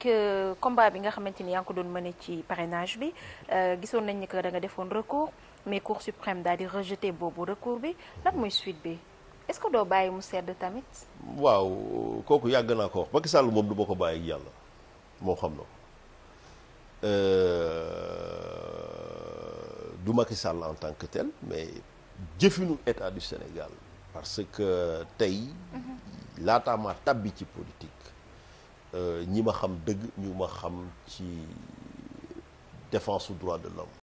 ak euh, bi nga xamante ni yaa ngi ko doon mëne ci parrainage bi euh, gisoon nañ ni que da nga defoon recours mais cour suprême daal di rejeté boobu recours bi lan mooy suite bi est-ce que doo bàyyi mu sedd tamit. waaw kooku yàgg naa ko wax Macky Sall moom du ma ko bàyyi ak yàlla moo xam na euh, en tant que tel mais jëfinu état du Sénégal parce que tey mhm. laataa ma tabbi ci politique. Euh, ñi ma xam dëgg ñu ma xam ci défense su droit de l'homme